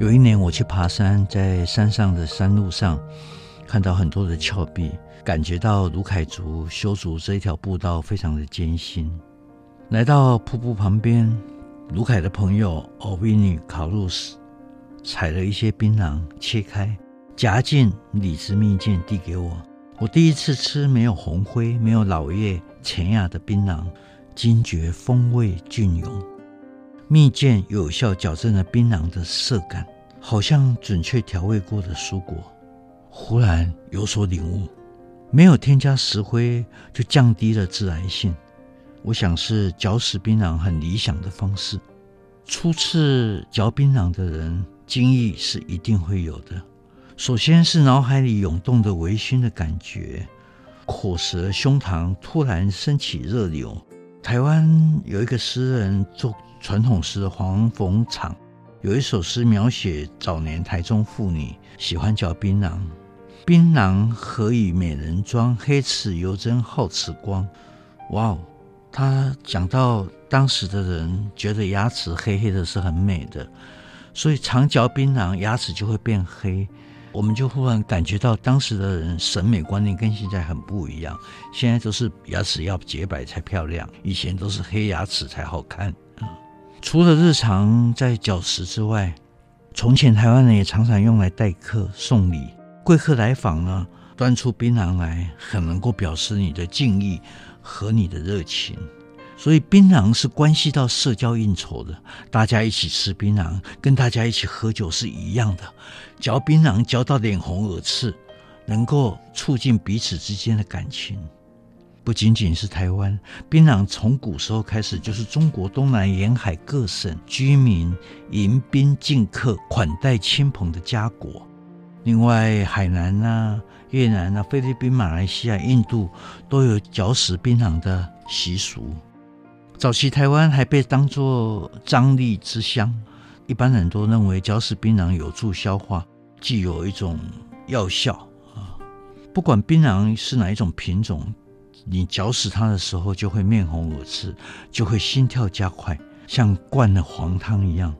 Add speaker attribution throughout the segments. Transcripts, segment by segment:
Speaker 1: 有一年我去爬山，在山上的山路上看到很多的峭壁，感覺到魯凱族修築這一條步道非常的艱辛。來到瀑布旁邊，魯凱的朋友 Ovini Carlos 採了一些檳榔，切開夾進李子蜜餞遞給我。我第一次吃沒有紅灰、沒有老葉、淺雅的檳榔，驚覺風味雋永。蜜餞有效矯正了檳榔的澀感，好像準確調味過的蔬果。忽然有所領悟，沒有添加石灰就降低了致癌性。我想是嚼食檳榔很理想的方式。初次嚼檳榔的人，驚異是一定會有的。首先是腦海裡湧動着微醺的感覺，口舌胸膛突然升起熱流。台灣有一個詩人作。傳統詩黃逢昶，有一首詩描寫早年台中婦女喜歡嚼檳榔，檳榔何以美人妝，黑齒尤爭皓齒光。哇哦，他講到當時的人覺得牙齒黑黑的是很美的，所以常嚼檳榔牙齒就會變黑。我們就忽然感覺到當時的人審美觀念跟現在很不一樣，現在都是牙齒要潔白才漂亮，以前都是黑牙齒才好看。除了日常在嚼食之外，從前台灣人也常常用來待客送禮。貴客來訪呢，端出檳榔來，很能夠表示你的敬意和你的熱情。所以，檳榔是關係到社交應酬的。大家一起吃檳榔，跟大家一起喝酒是一樣的。嚼檳榔嚼到臉紅耳赤，能夠促進彼此之間的感情。不僅僅是台灣，檳榔從古時候開始就是中國東南沿海各省居民迎賓敬客、款待親朋的佳果。另外，海南吶、啊、越南吶、啊、菲律賓、馬來西亞、印度都有嚼食檳榔的習俗。早期台灣還被當作瘴癘之鄉，一般人都認為嚼食檳榔有助消化，具有一種藥效啊。不管檳榔是哪一種品種。你嚼食它的時候，就會面紅耳赤，就會心跳加快，像灌了黃湯一樣。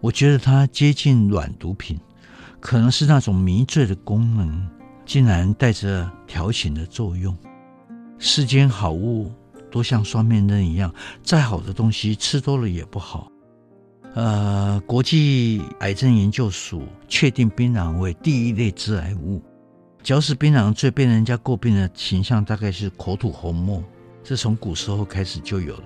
Speaker 1: 我覺得它接近軟毒品，可能是那種迷醉的功能，竟然帶着調情的作用。世間好物都像雙面刃一樣，再好的東西吃多了也不好。呃，國際癌症研究署確定檳榔為第一類致癌物。嚼食檳榔最被人家詬病的形象，大概是口吐紅沫，這從古時候開始就有了。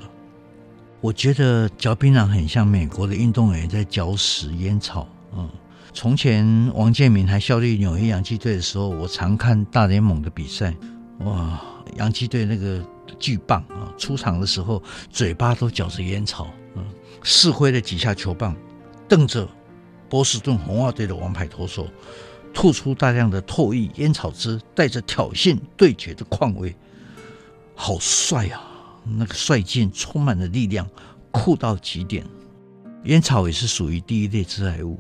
Speaker 1: 我覺得嚼檳榔很像美國的運動員在嚼食煙草。嗯，從前王建民還效力紐約洋基隊的時候，我常看大聯盟的比賽。哇，洋基隊那個巨棒啊，出場的時候嘴巴都嚼着煙草。嗯，試揮了幾下球棒，瞪着波士頓紅襪隊的王牌投手。吐出大量的唾液，煙草汁帶着挑釁對決的匡威，好帥啊！那個帥勁充滿了力量，酷到極點。煙草也是屬於第一類致癌物，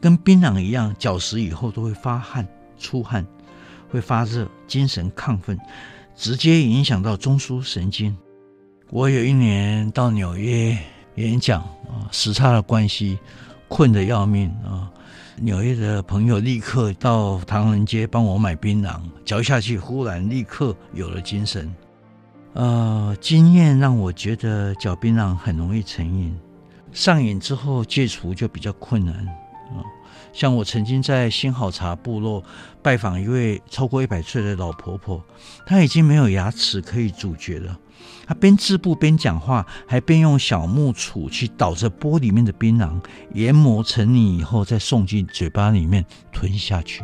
Speaker 1: 跟檳榔一樣，嚼食以後都會發汗、出汗，會發熱、精神亢奮，直接影響到中樞神經。我有一年到紐約演講啊，時差的關係，睏得要命。紐約的朋友立刻到唐人街幫我買檳榔，嚼下去忽然立刻有了精神。呃，經驗讓我覺得嚼檳榔很容易成癮，上癮之後戒除就比較困難。像我曾經在新好茶部落拜訪一位超過一百歲的老婆婆，她已經沒有牙齒可以咀嚼了，她邊織布邊講話，還邊用小木杵去搗着缽裡面的檳榔，研磨成泥以後再送進嘴巴裡面吞下去。